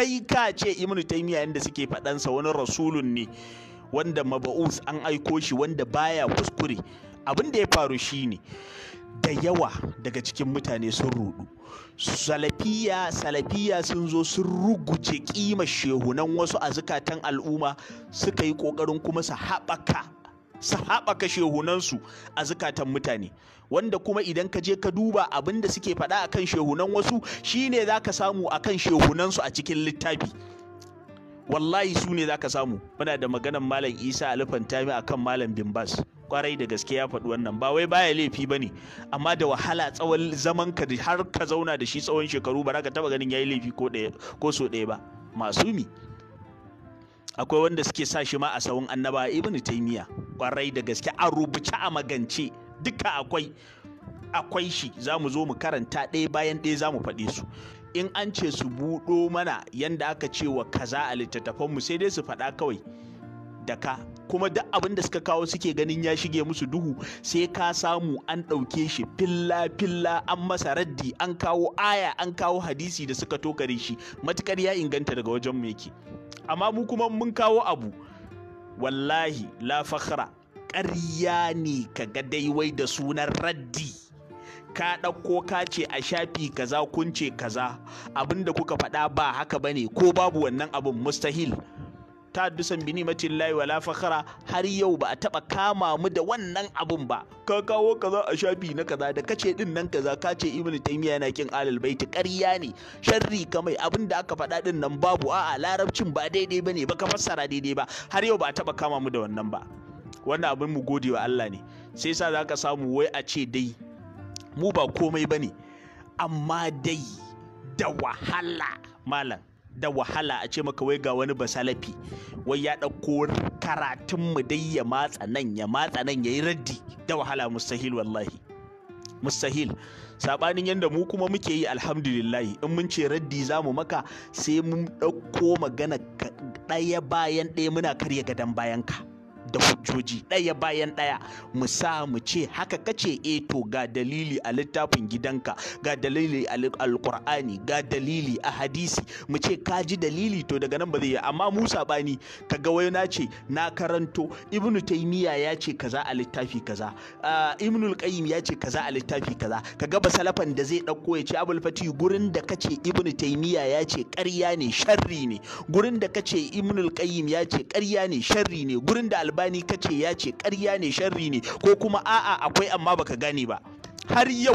kai ka ce ibnu taymiya da suke faɗansa wani rasulun ne wanda maba'us an aiko shi wanda baya kuskure abin da ya faru shi ne da yawa daga cikin mutane sun rudu salafiya salafiya sun zo sun ruguje kima shehunan wasu a zukatan al'umma suka yi kokarin kuma su haɓaka su haɓaka shehunansu a zukatan mutane wanda kuma idan ka je ka duba abin da suke faɗa akan shehunan wasu shine za ka samu akan shehunansu a cikin littafi wallahi su ne za ka samu muna da maganan malam isa alifan tami kan malam bimbas kwarai da gaske ya faɗi wannan ba wai baya laifi ba ne amma da wahala tsawon zaman ka har ka zauna da shi tsawon shekaru ba za ka taɓa ganin ya yi laifi ko so ɗaya ba masumi akwai wanda suke sa shi ma a sawun annaba ibn taimiya kwarai da gaske a rubuce a magance duka akwai akwai shi za mu zo mu karanta ɗaya bayan ɗaya za mu faɗe su in an ce su buɗo mana yanda aka ce wa kaza a littattafan mu sai dai su faɗa kawai da ka kuma duk abin da suka kawo suke ganin ya shige musu duhu sai ka samu an ɗauke shi filla filla an masa raddi an kawo aya an kawo hadisi da suka tokare shi matukar ya inganta daga wajen mu yake amma mu kuma mun kawo abu wallahi la fakhra ƙarya ne ka ga daiwai da sunan raddi ka ɗauko ka ce a shafi kaza kun ce kaza abinda kuka faɗa ba haka bane ko babu wannan abin mustahil Ta bini bi layi wala fakhara har yau ba a taba kama mu da wannan abun ba ka kawo kaza a shafi na kaza da kace din nan kaza kace ibnu taymiya yana kin alal baiti ƙarya ne sharri kamai abin da aka faɗa din nan babu a'a larabcin ba daidai bane ba ka fassara daidai ba har yau ba a taba kama mu da wannan ba wannan abin mu gode wa Allah ne sai sa za ka samu wai a ce dai mu ba komai bane amma dai da wahala malam da wahala a ce maka wai ga wani basalafi wai ya ɗauko karatun mu dai ya matsa nan ya matsa nan ya yi raddi da wahala mustahil wallahi mustahil sabanin yadda mu kuma muke yi alhamdulillahi in mun ce raddi za mu maka sai mun ɗauko magana ɗaya bayan ɗaya muna karya gadon bayan ka da hujjoji ɗaya bayan ɗaya mu sa mu ce haka kace e eh to ga dalili a littafin gidanka ga dalili a alkur'ani ga dalili a hadisi mu ce ka ji dalili to daga nan ba zai yi amma Musa bani kaga wai na ce na karanto ibnu taymiya ya ce kaza a littafi kaza ah, ibnu alqayyim ya ce kaza a littafi kaza kaga ba salafan da zai dauko ya ce abul fatih gurin da kace ibnu taymiya ya ce ƙarya ne sharri ne gurin da kace ibnu alqayyim ya ce ƙarya ne sharri ne gurin da albani kace ya ce karya ne sharri ne ko kuma a'a akwai amma baka gane ba har yau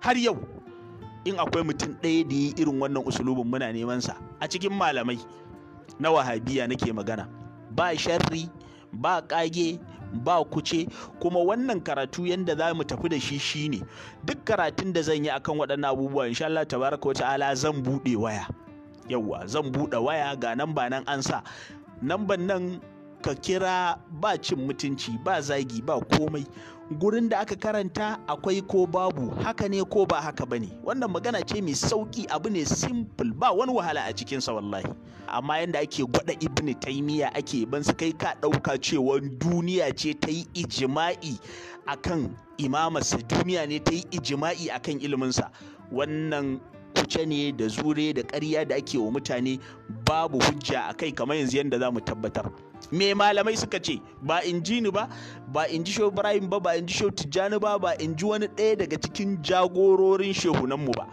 har yau in akwai mutum ɗaya da yi irin wannan usulubin muna neman sa a cikin malamai na wahabiya nake magana ba sharri ba ƙage ba kuce kuma wannan karatu yadda za mu tafi da shi shi ne duk karatun da zan yi akan waɗannan abubuwa insha Allah tabaraka ta'ala zan buɗe waya yawwa zan buɗe waya ga nan ba nan an sa nan nan ka kira ba cin mutunci ba zagi ba komai gurin da aka karanta akwai ko babu haka ne ko ba haka ba ne wannan magana ce mai sauki abu ne simple ba wani wahala a cikinsa wallahi amma yadda ake gwada ibnu taimiya ake ban su kai ka ɗauka cewa duniya ce ta yi ijima'i akan imamarsa duniya ne ta yi ijima'i akan iliminsa wannan kuce ne da zure da ƙarya da ake wa mutane babu hujja a kai kamar yanzu yadda za mu tabbatar me malamai suka ce ba in ji ni ba ba in ji shehu ibrahim ba ba in ji shehu tijjani ba ba in ji wani ɗaya daga cikin jagororin shehunanmu ba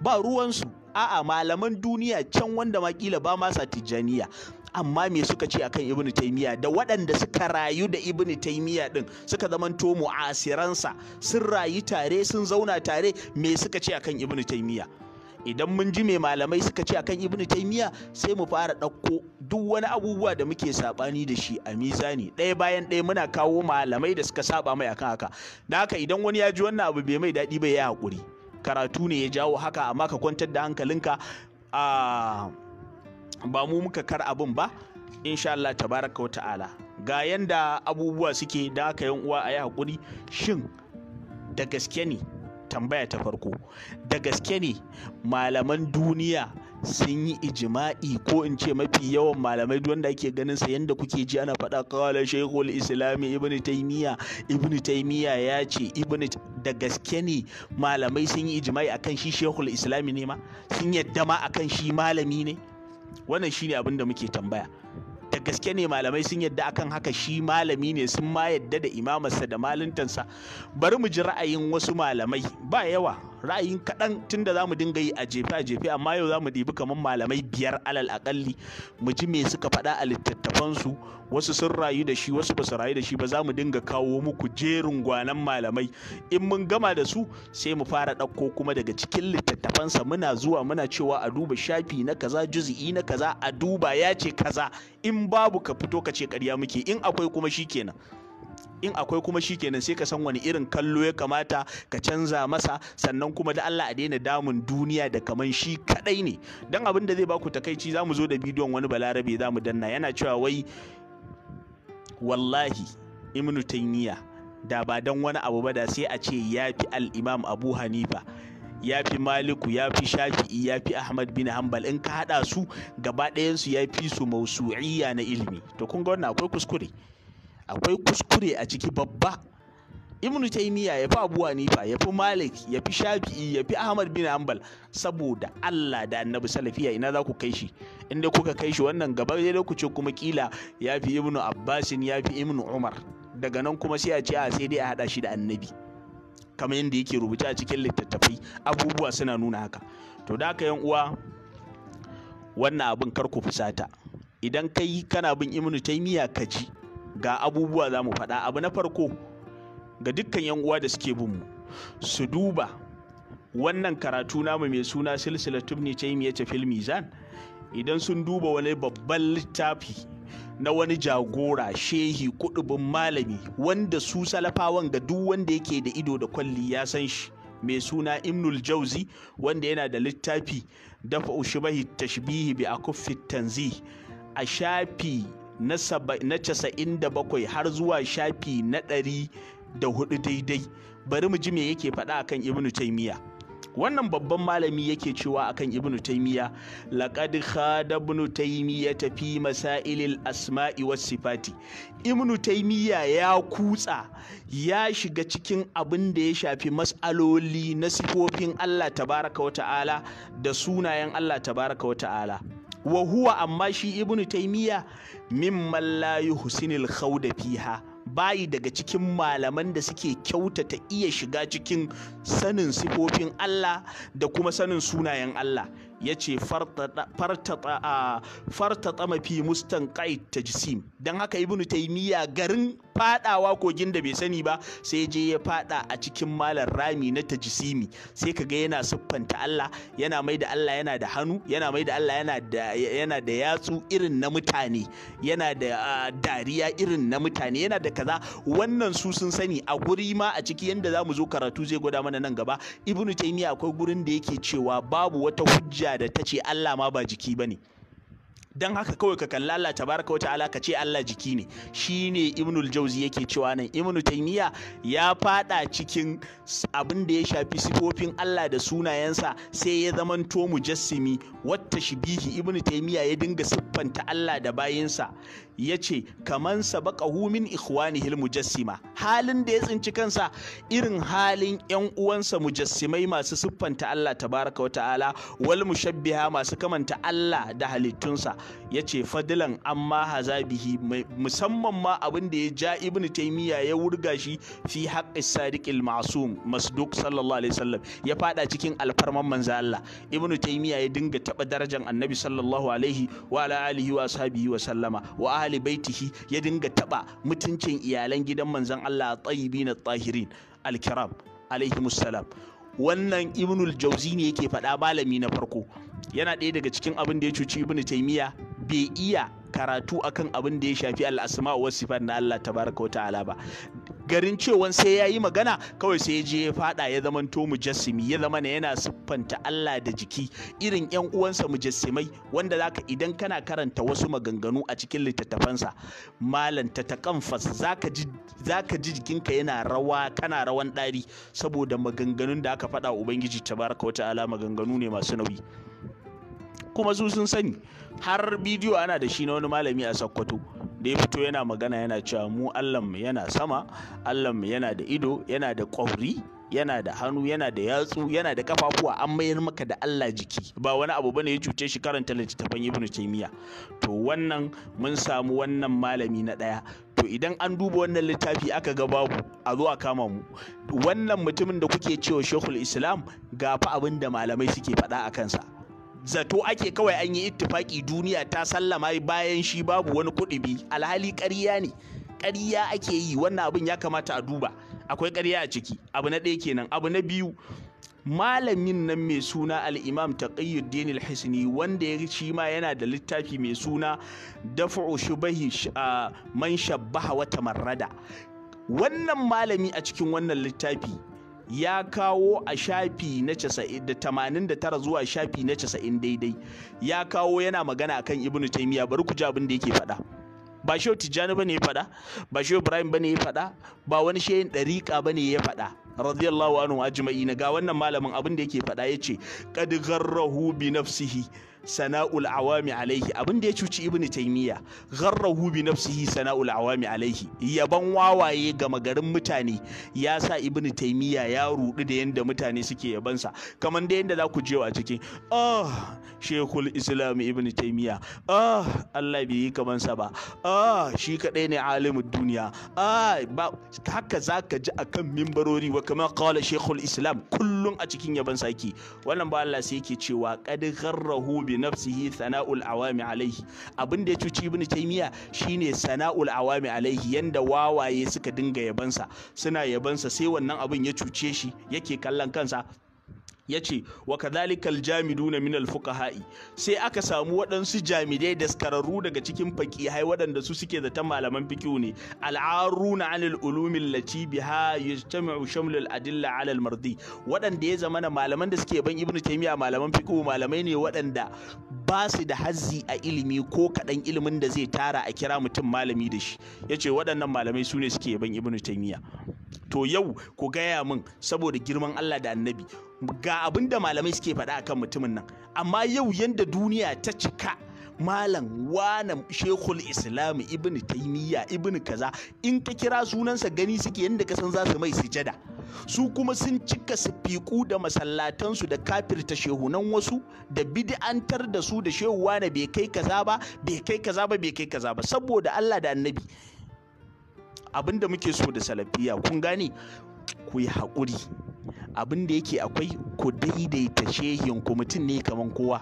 ba ruwansu a'a malaman duniya can wanda ma kila ba masa tijjaniya amma me suka ce akan ibnu taymiya da waɗanda suka rayu da ibnu taymiya din suka zamanto mu'asiransa sun rayu tare sun zauna tare me suka ce akan ibnu taymiya idan mun ji mai malamai suka ce akan ibnu taimiya sai mu fara ɗauko duk wani abubuwa da muke sabani da shi a mizani ɗaya bayan ɗaya muna kawo malamai da suka saba mai akan haka da haka idan wani ya ji wannan abu bai mai daɗi ba ya haƙuri karatu ne ya jawo haka amma ka kwantar da hankalinka a ba mu muka kar abin ba insha Allah tabaraka wa ta'ala ga yanda abubuwa suke da haka yan uwa a yi haƙuri shin da gaske ne tambaya ta farko da gaske ne malaman duniya sun yi ijima'i ko in ce mafi yawan malamai wanda ake ganin sa yanda kuke ji ana faɗa kawala shaykhul islami ibn taimiyya ibn taimiyya ya ce ibn da gaske ne malamai sun yi ijima'i akan shi shaykhul islami ne ma sun yadda ma akan shi malami ne wannan shine abin da muke tambaya gaske ne malamai sun yadda akan haka shi malami ne sun ma yadda da imamarsa da malintansa bari mu ji ra'ayin wasu malamai ba yawa ra'ayin kaɗan tun da za mu dinga yi a jefe a jefe amma yau za mu ɗibi kamar malamai biyar alal aƙalli mu ji me suka faɗa a littattafansu wasu sun rayu da shi wasu ba rayu da shi ba za mu dinga kawo muku jerin gwanan malamai in mun gama da su sai mu fara ɗauko kuma daga cikin littattafansa muna zuwa muna cewa a duba shafi na kaza juzi'i na kaza a duba ya ce kaza in babu ka fito ka ce ƙarya muke in akwai kuma shi kenan. in akwai kuma shi kenan sai ka san wani irin kallo ya kamata ka canza masa sannan kuma da Allah a daina damun duniya da kaman shi kadai ne dan abin da zai baku takaici zamu zo da bidiyon wani balarabe zamu danna yana cewa wai wallahi ibnu taymiya da ba dan wani abu ba da sai a ce yafi al-imam abu hanifa ya fi maliku ya fi shafi'i ya fi ahmad bin hanbal in ka haɗa su gaba ɗayansu ya fi su mausu'iya na ilimi to kun ga wannan akwai kuskure akwai kuskure a ciki babba ibnu taymiya ya fi abu hanifa ya fi malik ya fi shafi'i ya fi ahmad bin hanbal saboda allah da annabi salafiya ina za ku kai shi inda kuka kai shi wannan gaba zai ku ce kuma kila ya fi ibn abbasin ya fi ibn umar daga nan kuma sai a ce a ah, sai dai a haɗa shi da annabi kamar yadda yake rubuta a cikin littattafai abubuwa suna nuna haka to da haka yan uwa wannan abin kar ku fusata idan kai kana bin ibn taymiya ka ji ga abubuwa za mu faɗa abu na farko ga dukkan 'yan uwa da suke bin mu su duba wannan karatu namu mai suna silsila tubni taimiyya ta zan idan sun duba wani babban littafi na wani jagora shehi kudubin malami wanda su salafawan ga duk wanda yake da ido da kwalli ya san shi mai suna imnul jauzi wanda yana da littafi dafa ushibahi tashbihi bi akuffi tanzi a shafi na casa'in da bakwai har zuwa shafi na ɗari da hudu daidai bari mu ji me yake faɗa akan ibnu taimiya wannan babban malami yake cewa akan ibnu taimiya laƙad khada ibnu taimiya tafi masailil asma'i was sifati ibnu taimiya ya kutsa ya shiga cikin abin da ya shafi mas'aloli na sifofin Allah tabaraka wata'ala da sunayen Allah tabaraka wata'ala wa huwa amma shi ibnu taimiya mimman la husinil khawda fiha bayi daga cikin malaman da suke kyautata iya shiga cikin sanin sifofin Allah da kuma sanin sunayen Allah ya ce fartata mafi mustan ta jisim don haka ibnu taimiyya garin fadawa kogin da bai sani ba sai je ya fada a cikin malar rami na ta jisimi sai ka ga yana siffanta Allah yana mai da Allah yana da hannu yana mai da Allah yana da yatsu irin na mutane yana da dariya irin na mutane yana da kaza wannan su sun sani a guri ma a ciki yadda za mu zo karatu zai gwada mana nan gaba ibnu taimiyya akwai gurin da yake cewa babu wata hujja hujja da ta ce Allah ma ba jiki ba ne don haka kawai ka kalla Allah tabaraka wa ta'ala ka ce Allah jiki ne shine ibnul jauzi yake cewa nan ibnu taymiya ya fada cikin abin da ya shafi sifofin Allah da sunayensa sai ya zamanto mujassimi wata shibihi ibnu taymiya ya dinga siffanta Allah da bayinsa ya ce kaman sabaqahu min hil mujassima halin da ya tsinci kansa irin halin yan uwansa mujassimai masu siffanta Allah tabaraka wa ta'ala wal mushabbiha masu kamanta Allah da halittunsa ya ce fadilan amma hazabihi musamman ma abin da ya ja ibn taymiya ya wurga shi fi haqqi sadiqil ma'sum masduq sallallahu alaihi wasallam ya fada cikin alfarman manzo Allah ibn taymiya ya dinga taba darajar annabi sallallahu alaihi wa ala alihi wa sahbihi wa sallama wa ahli baitihi ya dinga taba mutuncin iyalan gidan manzon Allah tayyibin tahirin alkiram alaihimus wannan ibnul jauzi ne yake faɗa malami na farko yana ɗaya daga cikin abin da ya cuci ibnu taimiyya bai iya karatu akan abin da ya shafi al'asma wa sifat na Allah tabaraka wa ta'ala ba garin cewan sai ya yi magana kawai sai ya je ya fada ya zama to mujassimi ya zama na yana siffanta Allah da jiki irin yan uwansa mujassimai wanda zaka idan kana karanta wasu maganganu a cikin littattafansa malam ta takamfas zaka ji zaka ji jikinka yana rawa kana rawan ɗari saboda maganganun da aka faɗa ubangiji tabaraka wata ala maganganu ne masu nauyi kuma su sun sani har bidiyo ana da shi na wani malami a sakkwato da ya fito yana magana yana cewa mu allahnmu yana sama allahnmu yana da ido yana da ƙwauri yana da hannu yana da yatsu yana da kafafuwa an mayar maka da Allah jiki ba wani abu bane ya cuce shi karanta littattafan Ibn Taymiyyah to wannan mun samu wannan malami na daya to idan an duba wannan littafi aka ga babu a zo kama mu wannan mutumin da kuke cewa Sheikhul Islam ga fa abin da malamai suke faɗa a kansa zato ake kawai an yi ittifaki duniya ta sallama bayan shi babu wani kuɗi alhali ƙarya ne ƙarya ake yi wannan abin ya kamata a duba akwai ƙarya a ciki abu na ɗaya kenan abu na biyu malamin nan mai suna al'imam taqiyuddin al-hisni wanda ya shi ma yana da littafi mai suna dafa'u shubahi man shabbaha wata marrada wannan malami a cikin wannan littafi ya kawo a shafi na 89 zuwa shafi na 90 daidai ya kawo yana magana a kan ibnu taimiyya bari ku ji abin da yake faɗa ba shi tijjani ne ya faɗa ba shi ibrahim ne ya faɗa ba wani shehin ɗariƙa ne ya faɗa radiyallahu anhu na. ga wannan malamin abin da yake faɗa ce, qad gharrahu bi nafsihi sana'ul awami alaihi abin da ya cuci ibnu taymiya gharrahu bi nafsihi sana'ul awami alaihi yaban wawaye gama garin mutane ya sa ibnu taymiya ya rudu da yanda mutane suke yabansa kamar da yanda za ku je a cikin ah shekul islam ibnu taymiya ah Allah bai yi kaman sa ba ah shi kadai ne alimud duniya ah ba haka zaka ji akan mimbarori wa kama qala shekul islam kullun a cikin yabansa yake wannan ba Allah sai yake cewa qad gharrahu bi li nafsihi sana'ul awami alaihi abin da ya cuci ibn taymiya shine sana'ul awami alaihi yanda wawaye suka dinga yabansa suna yabansa sai wannan abin ya cuce shi yake kallon kansa ya ce wa jami'u jamiduna min alfuqaha'i sai aka samu waɗansu jamidai daskararru daga cikin faqihai waɗanda su suke da ta malaman fiqhu ne al'aruna 'anil ulumi allati biha yajtami'u shamlul adilla 'ala al-mardi waɗanda ya zama zamana malaman da suke ban ibnu taymiya malaman fiqhu malamai ne waɗanda ba su da hazzi a ilimi ko kaɗan ilimin da zai tara a kira mutum malami da shi Ya ce waɗannan malamai su ne suke ban ibnu taymiya to yau ku gaya min saboda girman Allah da annabi ga abin da malamai suke faɗa akan mutumin nan amma yau yanda duniya ta cika malam wana shekul islam ibn taimiyya ibn kaza in ka kira sunansa gani suke yadda ka san za su mai sujada su kuma sun cika sifiku da masallatansu da kafirta shehunan wasu da bid'antar da su da shehu wane bai kai kaza ba bai kai kaza ba bai kai kaza ba saboda Allah da annabi abin da muke so da salafiya kun gane ku yi haƙuri abin da yake akwai ku daidaita shehin ku mutum ne kaman kowa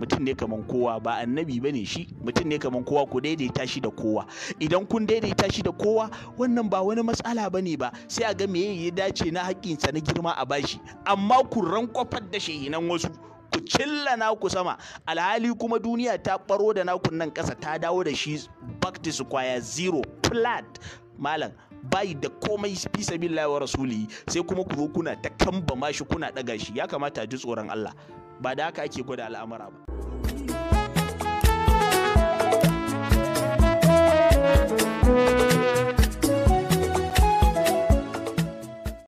mutum ne kaman kowa ba annabi bane shi mutum ne kaman kowa ku daidaita shi da kowa idan kun daidaita shi da kowa wannan ba wani matsala bane ba sai a ga me ya dace na haƙƙinsa na girma a bashi amma ku rankwafar da shehinan wasu ku cilla naku sama alhali kuma duniya ta baro da nakun nan ƙasa ta dawo da shi back to square zero flat malam bai da komai fi sabi wa rasuli sai kuma ku zo kuna ta kamba mashi kuna daga shi ya kamata a ji tsoron Allah ba da haka ake gwada al'amura ba